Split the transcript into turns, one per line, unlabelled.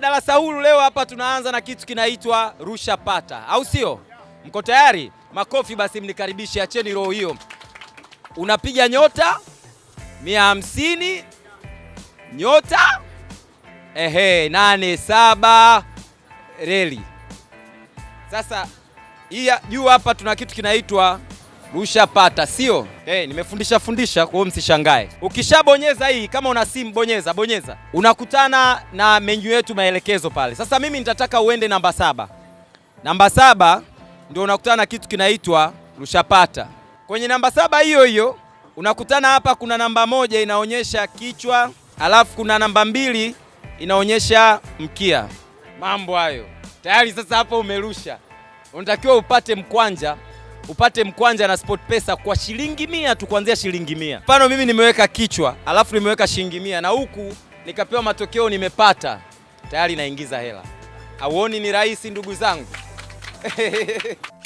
Dala Saulu leo hapa tunaanza na kitu kinaitwa rusha pata, au sio? Mko tayari? Makofi basi mnikaribishe, acheni roho hiyo. Unapiga nyota mia hamsini nyota ehe nane saba reli. Sasa hii juu hapa tuna kitu kinaitwa ushapata sio? Hey, eh, nimefundisha fundisha, kwa hiyo msishangae. Ukishabonyeza hii, kama una simu bonyeza bonyeza, unakutana na menyu yetu maelekezo pale. Sasa mimi nitataka uende namba saba. Namba saba ndio unakutana na kitu kinaitwa ushapata. Kwenye namba saba hiyo hiyo unakutana hapa, kuna namba moja inaonyesha kichwa, alafu kuna namba mbili inaonyesha mkia. Mambo hayo tayari, sasa hapo umerusha, unatakiwa upate mkwanja upate mkwanja na sport pesa kwa shilingi mia tu, kuanzia shilingi mia. Mfano mimi nimeweka kichwa alafu nimeweka shilingi mia na huku nikapewa matokeo nimepata, tayari naingiza hela. auoni ni rahisi, ndugu zangu?